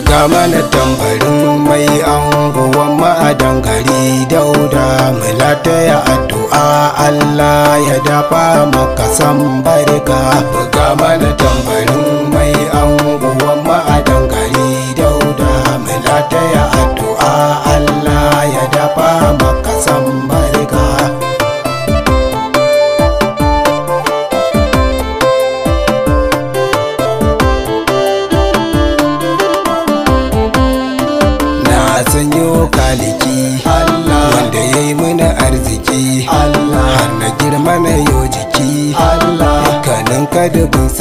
buga mana tambarin mai anguwan ma'adan gari dauda mu lataya addu'a Allah ya dafa maka san barka buga mana tambarin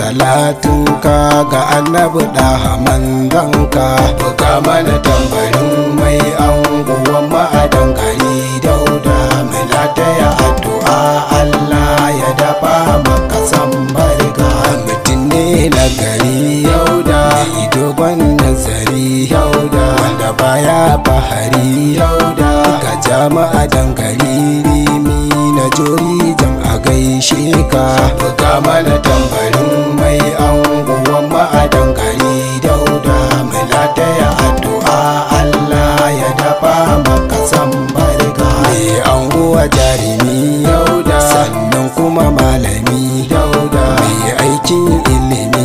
salatin ka ga annabi da manzanka buga mana tambarin mai anguwan ma'adan gari dauda mai lataya addu'a Allah ya dafa maka san barka mutum ne na gari yauda dogon nazari yauda wanda baya bahari yauda ga jama'a dangari rimi na jori jam a gaishe ka buga mana tambarin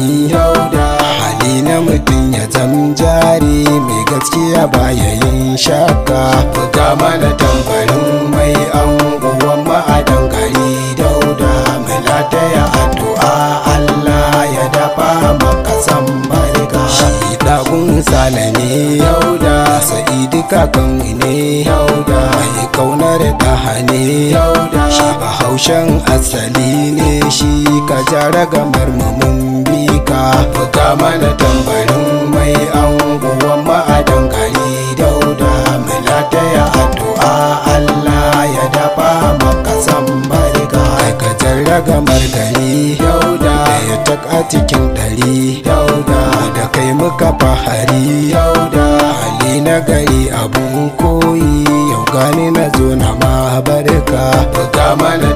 Yauda hali na mutum ya zam jari mai gaskiya ba yi shaka buga mana tambarin mai anguwan ma'adan gari dauda mai lataya addu'a Allah ya dafa maka san barka shi dagun sala ne yauda sa'idi kakan ne yauda mai kaunar daha ne yauda shi bahaushen asali ne shi ka jara gamar mamun sassaka cikin ɗari da kai muka fahari yauda na gari abun koyi yau gani na zo na ma barka buga mana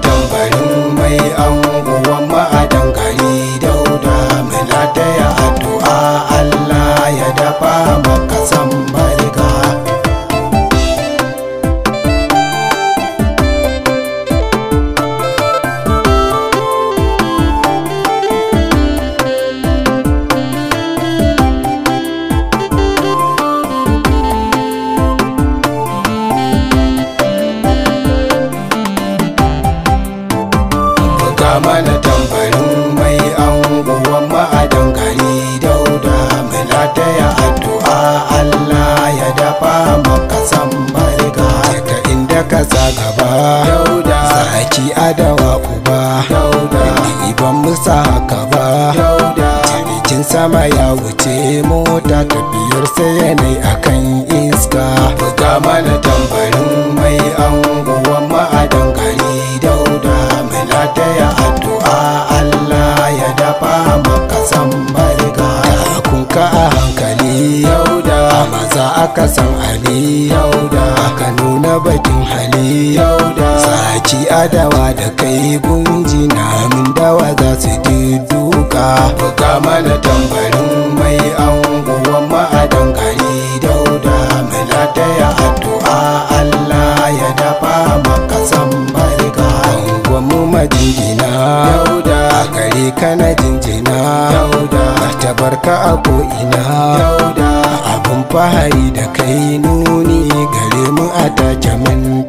mana tambarin mai anguwan ma'adan gari dauda mai lataya addu'a Allah ya dafa maka san barka daga inda ka gaba dauda saki adawa uba dauda iban musa haka ba dauda jirgin sama ya wuce mota tafiyar sai yanayi akan iska buga mana san barga kunka a hankali yauda maza aka san hali yauda aka nuna bakin hali yauda saci adawa da kai gunji na min dawa za su duka buga mana tambarin mai auna barka a ko'ina abin fahari da kai nuni gare mu a take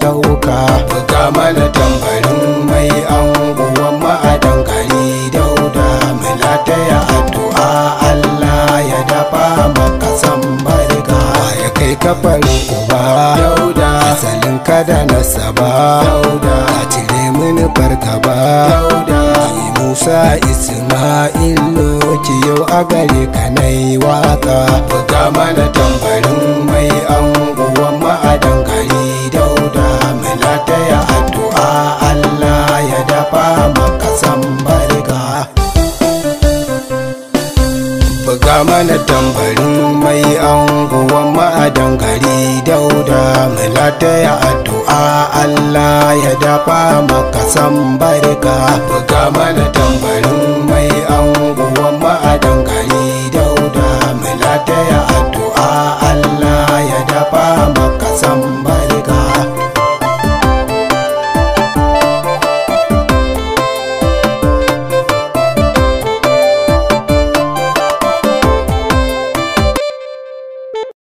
dauka buga mana tambarin mai anguwan ma'adan gari dauda mu lataya addu'a Allah ya dafa maka san barka ya kai kafarin uba dauda asalin kada nasaba dauda a cire mini fargaba dauda Musa Isma'ilu ci yau a gare ka na yi waka buga mana tambarin mai anguwan ma'adan gari dauda mai lataya addu'a Allah ya dafa maka san barka buga mana tambarin mai anguwan ma'adan gari dauda mai lataya addu'a Allah ya dafa maka san barka buga mana tambarin